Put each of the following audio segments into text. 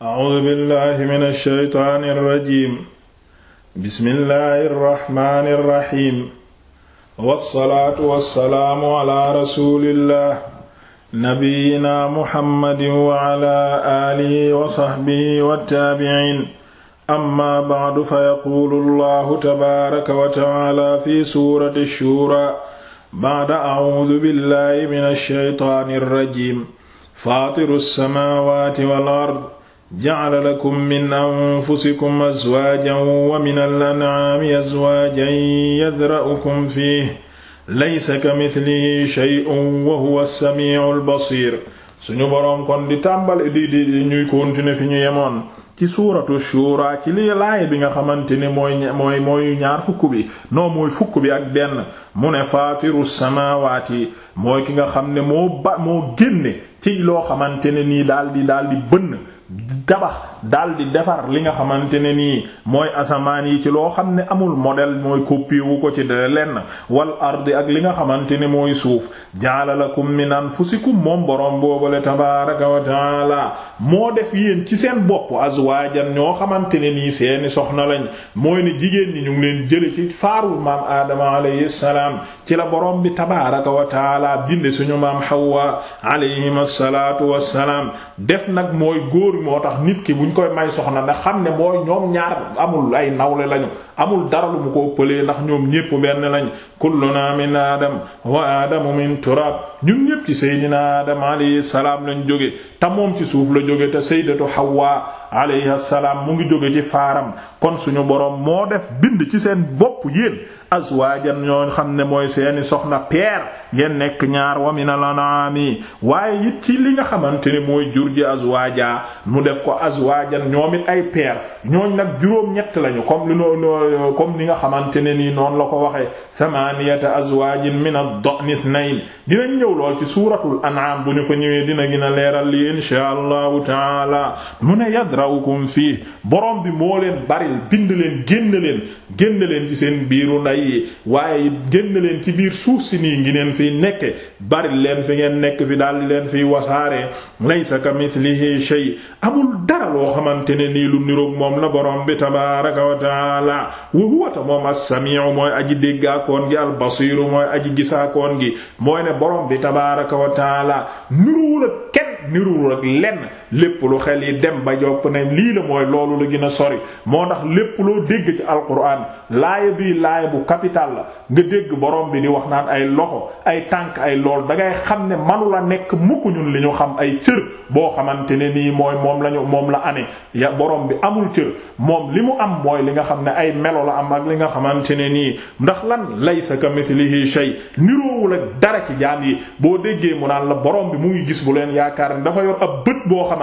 A'uuzu billaahi mina shaytaani rajiim. Bismillaahi rahmaani rahiim. Wassalaatu wassalaamu alaa rasuulillaah nabiyyinaa Muhammadin wa alaa aalihi wa sahbihi wa taabi'iin. Ammaa ba'du fayaquulu Allaahu tabaaraka wa ta'aalaa fi suurati Shuuraa ba'da a'uuzu billaahi mina shaytaani rajiim. Faatiru samaawaati wal ard. ja'ala lakum min anfusikum azwaajan wa min al-an'aami azwaajan yadra'ukum fiihi laysa kamithlihi shay'un wa huwa as-sami'ul basiir suñu boroom kon di tàmbali di di ñuy continuer fi ñu yemoon ci suuratu shuura ci lii laay bi nga xamante ne mooy mooy mooy ñaar fukk bi noo mooy fukk bi ak benn mu ne faatiru samaawaati mooy ki nga xam ne moo ba moo loo xamante ne nii daal di daal di bënn tabax daal di defar li nga xamante ne nii mooy asamaan yi ci loo xam ne amul modèle mooy copie ko ci dale lenn wal ardi ak li nga xamante ne mooy suuf ja'ala lakum min anfusikum moom boroom boobale tabaaraka wa ta'ala moo def yéen ci seen bopp azwaajan ñoo xamante ne nii seeni soxna lañ mooy jigéen ñi ñu ngi leen jële ci faarul maam aadama alayhi salaam ci la boroom bi tabaaraka wa ta'ala binde suñu maam Hawa alayhim assalaatu wassalaam def nag mooy góor moo tax nit ki buñ koy may soxna ndax xam ne mooy ñoom ñaar amul ay nawle lañu amul dara lu mu ko pëlee ndax ñoom ñépp benn lañ kulluna min adam wa adamu min turab ñun ñépp ci seydina adam alayhi salaam lañ jóge te moom ci suuf la jóge te sayyidatu hawa alayhi salaam mu ngi jóge ci faaram kon suñu borom moo def bind ci seen bopp yéen azwaajan ñoo xam ne mooy seeni soxna peer ngeen nekk ñaar wa minal an'aami waaye it ci li nga xamante ne mooy jur ji azwaaja mu def ko azwaajan ñoom it ay peer ñooñ nag juróom-ñett lañu comme li noo comme li nga xamante ne nii noon la ko waxee thamaniyata azwaajin min ad-da'n ithnayn dinañ ñëw lool ci suuratul an'aam bu ñu ko ñëwee dina gën a leeral li inshaa allahu taala mu ne yadraukum fii borom bi moo leen baril bind leen génn leen génn leen ci seen biiru nday yi waaye génn leen ci biir suuf si nii ngi leen fiy nekke bari leen fi ngeen nekk fi daal di leen fiy wasaare laysa kamithlihi shay amul dara loo xamante ne nii lu niroog moom la borom bi tabaaraka wa taala wa huwa ta moom as-sami'u mooy aji déggaakoon gi al mooy aji gisaakoon gi mooy ne borom bi tabaaraka wa taala niruwul ak kenn niruwul ak lenn lépp lu xel yi dem ba jokk ne lii la mooy loolu la gën a sori moo tax lépp loo dégg ci alquran laaya bii laaya bu capital la nga dégg borom bi di wax naan ay loxo ay tànk ay lool da ngay xam ne manu la nekk mukk ñun li ñu xam ay cër boo xamante ne nii mooy moom lañu moom la amee ya borom bi amul cër moom li mu am mooy li nga xam ne ay melo la am ak li nga xamante ne nii ndax lan lay laysa ka mislihi shay niroowul ak dara ci jaam yi boo déggee mu naan la borom bi mu ngi gis bu leen yaakaar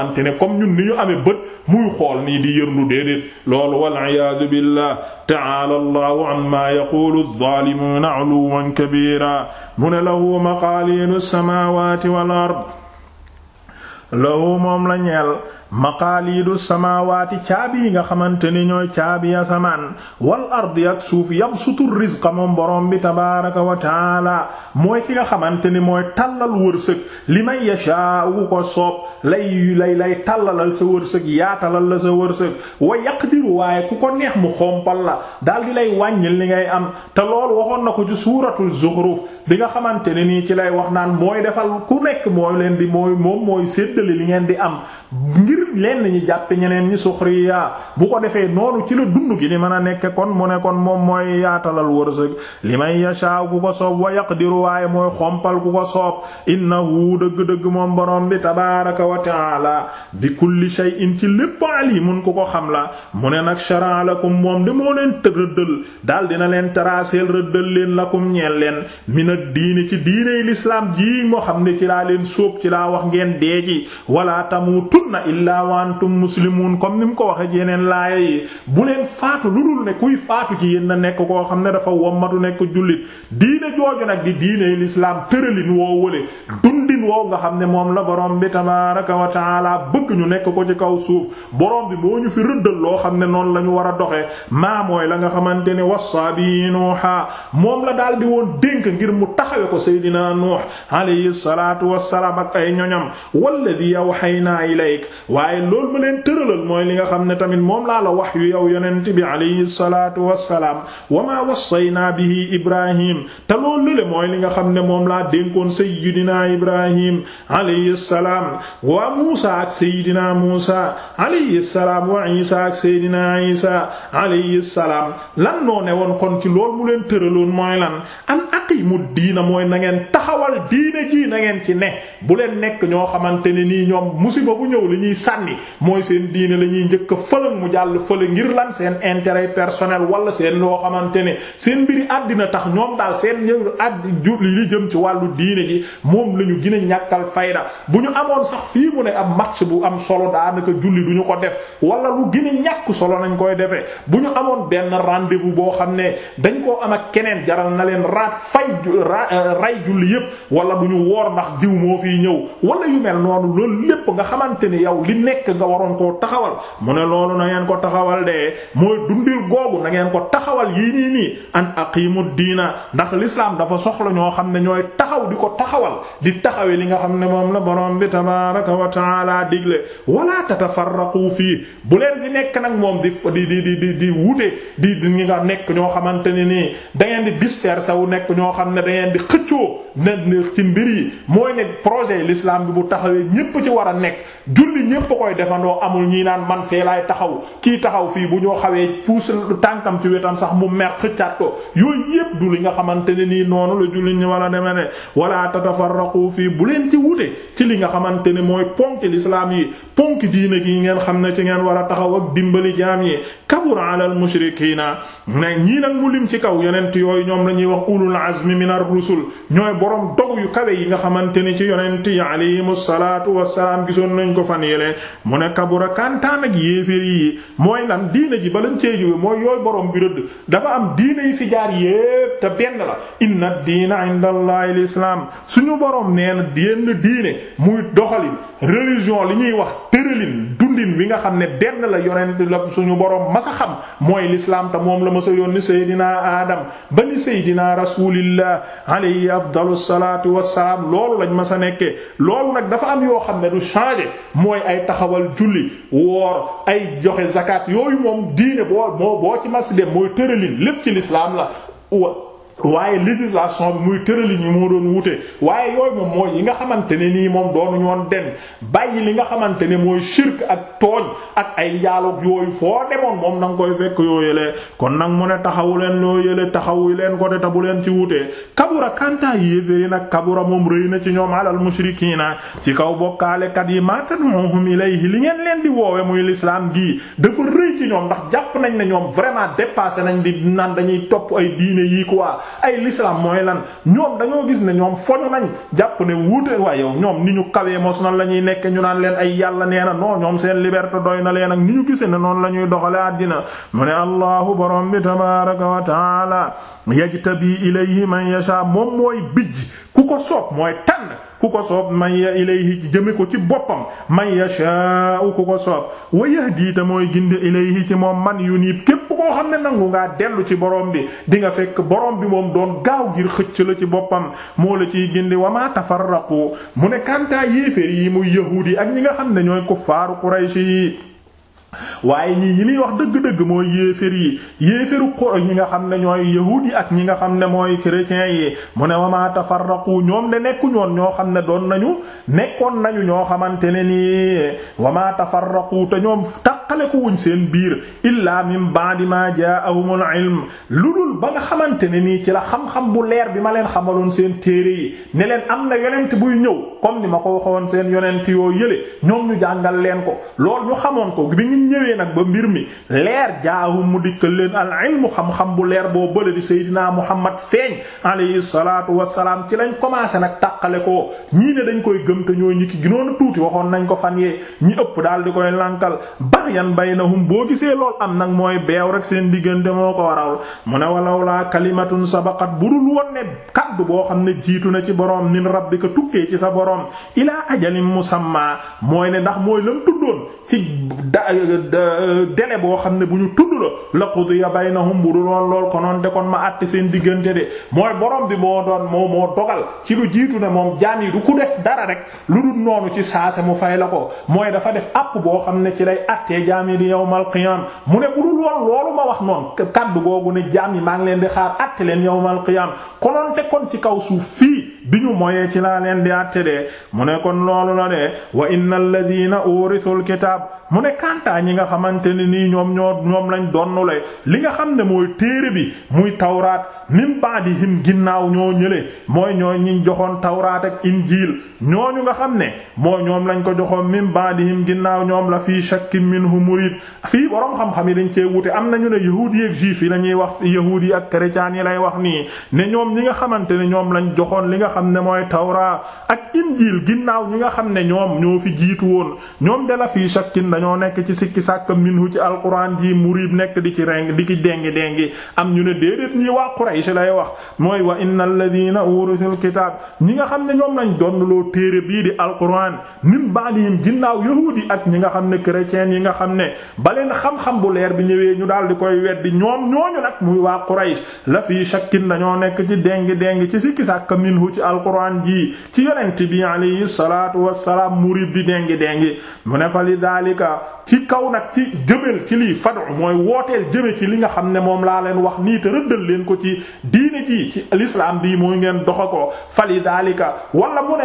xamante ne comme ñun ni ñu amee bët muy xool nii di yërlu déedéet loolu waliyaadu billah taala allahu amma yaqulu adh-dhalimuna 'uluwan kabira mu ne lahu maqalidu samawati wal ard lahu moom la ñeel maqaaliidu samaawaati caabi yi nga xamante ni ñooy caabi asamaan wal ardi ak suuf yabsutu rizqa moom borom bi tabaaraka wa taala mooy ki nga xamante ni mooy tàllal wërsëg li may yashaa wu ko soob lay lay lay tàllalal sa wërsëg yaatalal la sa wërsëg wa yaqdiru waaye ku ko neex mu xompal la daal di lay wàññil li ngay am te loolu waxoon na ko ci suuratul zuxruf bi nga xamante ne nii ci lay wax naan mooy defal ku nekk moo leen di mooy moom mooy séddale li ngeen di am ngir lenn ñi jàppe ñeneen ñi suxriya bu ko defee noonu ci la dund gi di mën a nekk kon mu ne kon moom mooy yaatalal wërsëg li may yasha ku ko soob wa yaqdiru waaye mooy xompal ku ko soob innahu dëgg-dëgg moom borom bi tabaraka wa taala bi kulli shay'in ci lépp alimun ku ko xam la mu ne nag shara'a lakum moom de moo leen tëg rëddal daal dina leen traceel rëddal leen lakum ñeel leen mina diine ci diiney l'islam ji moo xam ne ci laa leen sóob illaa wa antum muslimun comme ni mu ko waxee ci yeneen laaya yi bu leen faatu lu dul ne kuy faatu ci yéen na nekk koo xam ne dafa wommatu nekk jullit diine jooju nag di diine l'islam tëralin woo wële tërin woo nga xam ne moom la borom bi tabaaraka wa taala bëgg ñu nekk ko ci kaw suuf borom bi moo ñu fi rëddal loo xam ne noonu la ñu war doxee maa mooy la nga xamante ne wassa bi Nuuha moom la daal di woon dénk ngir mu taxawe ko Seydina Nuux alayhi salaatu wassalaam ak ay ñoñam walladhi awhaynaa ilayk waaye loolu ma leen tëralal mooy li nga xam ne tamit moom laa la wax yu yow yonent bi alayhi salaatu wassalaam wa maa wassaynaa bihi Ibrahim te loolu le mooy ibrahim alayhi salaam wa muusa ak seydina muusa alayhi salaam wa isa ak seydina isa alayhi salaam lan noo ne woon kon ci lool mu leen tëraloon mooy lan an aqimu diina mooy na ngeen taxawal diina ji na ngeen ci ne bu leen nekk ñoo xamante ne nii ñoom musiba bu ñëw li ñuy sànni mooy seen diine la ñuy njëkk a mu jàll fële ngir lan seen intéret personnel wala seen loo xamante ne seen mbiri àddina tax ñoom daal seen ñëw àdd li li jëm ci wàllu diine ji moom la ñu ñàkkal fayda bu ñu amoon sax fii mu ne am match bu am solo daanaka julli du ñu ko def wala lu gën ñàkk solo nañ koy defee bu ñu amoon benn rendez-vous boo xam ne dañ koo am ak keneen jaral na leen ra fay ray julli yépp wala du ñu yuy ñëw wala yu mel noonu loolu lépp nga xamante yow li nekk nga waroon koo taxawal mu ne loolu na ngeen ko taxawal de mooy dundil googu na ngeen ko taxawal yii nii nii an aqimu diina ndax l'islam dafa soxla ñoo xam ne ñooy taxaw di ko taxawal di taxawe li nga xam ne moom la borom bi tabaaraka wa taala digle wala tatafarraqu fii bu leen di nekk nag moom di di di di di wute di di nga nekk ñoo xamante ne nii da ngeen di disperser wu nekk ñoo xam ne da projet yi l'islam bi bu taxawee ñépp ci war a nekk julli ñépp koy defandoo amul ñii naan man fee laay taxaw kii taxaw fii bu ñoo xawee puus tànkam ci wetam sax mu mer xëccaat ko yooyu yépp du li nga xamante ne nii noonu la julli ñi wala deme ne wala tatafarraqu fii bu leen ci wute ci li nga xamante ne mooy ponk l'islam yi ponk diine gi ngeen xam ne ci ngeen war a taxaw ak dimbali jaam yi kabura ala al mushrikiina ne ñii nag mu lim ci kaw yonent yooyu ñoom la ñuy wax ulul azmi minar rusul ñooy borom dogu yu kawe yi nga xamante ni yonent yi alayhimu salaatu wassalaam gisoon nañ ko fan yele mu ne kabura kantaan ak yéeféer yi mooy lan diine ji ba lañ cee jóge mooy yooyu borom bi rëdd dafa am diine yi fi jaar yépp te benn la inna diina indallahi lislaam suñu borom nee na yenn diine muy doxalin religion li ñuy wax tëralin dundin wi nga xam ne benn la yonent la suñu borom masa xam mooy lislaam te moom la ma masa yónni seydina aadam ba ni seydina rasulillah alayhi afdalu salaatu wassalaam loolu lañ ma sa nekkee loolu nag dafa am yoo xam ne du changer mooy ay taxawal julli woor ay joxe zakat yooyu moom diine boo moo boo ci mas dem mooy tëralin lépp ci lislaam la wa waaye législation bi muy tërali ñi moo doon wute waaye yooyu moom mooy yi nga xamante ne nii moom doonu ñoon dem bàyyi li nga xamante ne mooy shirk ak tooñ ak ay njaaloog yooyu foo demoon moom na nga koy fekk yoo yëlee kon nag mu ne taxawu leen loo yëlee taxawu leen ko de ta bu leen ci wutee kabura kantaa yéeféri nag kabura moom rëy na ci ñoom alal mushrikiina ci kaw bokkaalekat yi matad'uhum ilayhi li ngeen leen di woowe muy l'islam gii dafa rëy ci ñoom ndax jàpp nañ ne ñoom vraiment dépassé nañ di naan dañuy topp ay diine yi quoi ay l'islam mooy lan ñoom dañoo gis ne ñoom foñu nañ jàpp ne wuute waaye ñoom ni ñu kawee mos nan la ñuy nekk ñu naan leen ay yàlla nee na non ñoom seen liberté doy na leen ak ni ñu gisee ne noonu la ñuy doxale àddina mu ne allahu borom bi tabaraka wa taala yajtabi ilayhi man yasha moom mooy bijj ku ko soob mooy tànn ku ko soob man ya ilayhi jëme ko ci boppam man yashaa'u ku ko soob wa yahdi ta mooy gindi ilayhi ci moom man nii képp koo xam ne nangu ngaa dellu ci borom bi di nga fekk borom bi moom doon gaaw ngir xëcc la ci boppam moo la ciy gindi wa ma tafarraqu mu ne kantaa yéeféer yi muy yahuud yi ak ñi nga xam ne ñooy kuffaaru Quraysh yi waaye ñii ñi liy wax dëgg-dëgg mooy yéefér yi yéeféru xor ñi nga xam ne ñooy yahuud yi ak ñi nga xam ne mooy chrétiens yi mu ne wama tafarraqu ñoom de nekkuñoon ñoo xam ne doon nañu nekkoon nañu ñoo xamante ne nii wama tafarraqu te ñoom taqaleku wuñ seen biir illaa min ba'di ma jaa'ahumul ilm lu dul ba nga xamante ne nii ci la xam-xam bu leer bi ma leen xamaloon seen téere yi ne leen am na yonent buy ñëw comme ni ma ko waxoon seen yonent yoo yële ñoom jàngal leen ko biñ ñëwee nag ba mbir mi leer jaahu mu dikkal leen al ilmu xam-xam bu leer boo bële di Seydina Muhammad feeñ alayhi salaatu wassalaam ci lañ commencé nag tàqale ko ñii ne dañ koy gëm te ñoo ñi ki ginoon a tuuti waxoon nañ ko fan yee ñi ëpp daal di koy lankal na baynahum boo gisee lool am nag mooy beew rek seen diggante moo ko waral mu ne walaw laa kalimatun sabaqat budul woon ne kaddu boo xam ne jiitu na ci boroom bi ko tukkee ci sa boroom ilaa ajalin musamma mooy ne ndax mooy délai boo xam ne bu ñu tudd la la qudiya baynahum bu dul woon lool konoon de kon ma àtte seen diggante de mooy borom bi moo doon moo moo dogal ci lu jiitu ne moom jaam yi du ku def dara rek lu dul noonu ci saase mu fay la ko mooy dafa def àpp boo xam ne ci lay àttee jaam yi di yawmal qiyaam mu ne bu dul woon loolu ma wax noonu kaddu googu ne jaam yi maa leen di xaar àtte leen yawmal qiyaam konoon te kon ci kaw suuf fii bi ñu moyee ci laa leen di àtte ne kon gaa ñi nga xamante ne nii ñoom ñoo ñoom lañ donnule li nga xam ne mooy téere bi muy tawraat min ba'dihim ginnaaw ñoo ñële mooy ñooy ñiñ joxoon tawraat ak injiil ñooñu nga xam ne mooy ñoom lañ ko joxoon min ba'dihim ginnaaw ñoom la fii shakkin minhu murid fii boroom xam yi dañ cee wute am nañu ne yahuud yi ak juif la ñuy wax yahuud yi ak chrétien yi lay wax nii ne ñoom ñi nga xamante ne ñoom lañ joxoon li nga xam ne mooy tawraat ak injiil ginnaaw ñi xam ne ñoom ñoo fi jiitu woon ñoom de la fii shakkin dañoo nekk ci sikki sàkka minhu ci alquran ji murib nekk di ci reng di ci dengi dengi am ñu ne déedéet ñi waa Quraysh lay wax mooy wa innal ladina urusul kitaab ñi nga xam ne ñoom lañ doon téere bii di alquran min ba'dihim ginnaaw yahuudi ak ñi nga xam ne chrétiens yi nga xam ne baleen xam-xam bu leer bi ñëwee ñu daal di koy weddi ñoom ñooñu nag muy waa Quraysh la fii shakkin dañoo nekk ci dengi dengi ci sikki sàkka minhu ci alquran ji ci yonent bi alayhi salaatu wassalaam murib di dengi yow nag ci jëmel ci lii fadu mooy wooteel jëme ci li nga xam ne moom laa leen wax nii leen ko ci diine ji ci l'islam bii mooy ngeen doxa ko fali daalika wala mu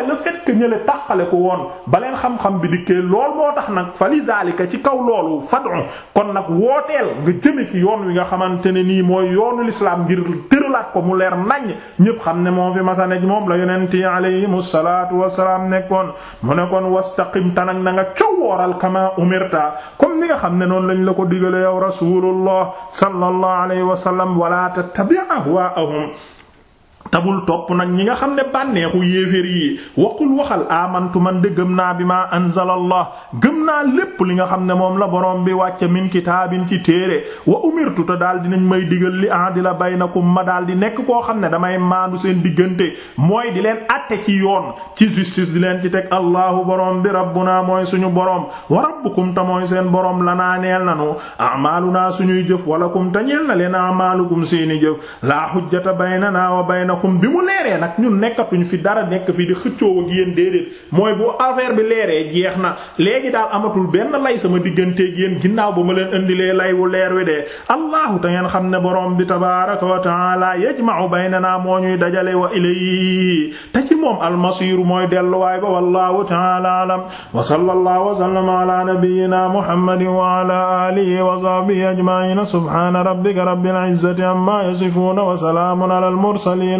ñële tàqale ko woon ba leen xam-xam bi dikkee lool moo tax nag fali daalika ci kaw loolu fadu kon nag wooteel nga jëme ci yoon wi nga xamante ne nii mooy yoonu l'islam ngir tëralaat ko mu leer nañ ñépp xam ne moom fi masa ne moom la yonent yi alayhimu salaatu wassalaam nekkoon mu ne kon wastaqim tanag na nga cow wooral kama umirta comme ni nga xam ne noonu lañ la ko digale yow rasulullah sallallahu alayhi wa sallam wala tattabi' ahwaa'ahum tabul topp nag ñi nga xam ne bànneexu yéeféer yi waxul waxal amantu man de gëm naa bi ma anzalallah gëm naa lépp li nga xam ne moom la boroom bi wàcce min kitaabin ci téere wa umirtu te daal dinañ may digal li adila baynakum ma daal di nekk koo xam ne damay maandu seen diggante mooy di leen atte ci yoon ci justice di leen ci teg allahu borom bi rabbuna mooy suñu boroom wa rabbukum te mooy seen borom lanaa neel nanu amaaluna suñuy jëf walakum na leen jëf la hujjata baynana wa baynakum leerakum bi mu leeree nag ñun nekkatuñ fi dara nekk fi di xëccoo ak yéen déedéet mooy bu affaire bi leeree jeex na léegi daal amatul benn lay sama digganteeg yéen ginnaaw ba ma leen indilee lay wu leer wi dee allahu ta ngeen xam ne borom bi tabaaraka wa taala yajma'u baynana moo ñuy dajale wa ilayhi te ci moom almasiiru mooy delluwaay ba wallahu taala alam wa sallallahu wa sallama ala nabiyyina muhammadin wa ala wa sahbihi ajma'in subhana rabbika rabbil izzati amma yasifun ala al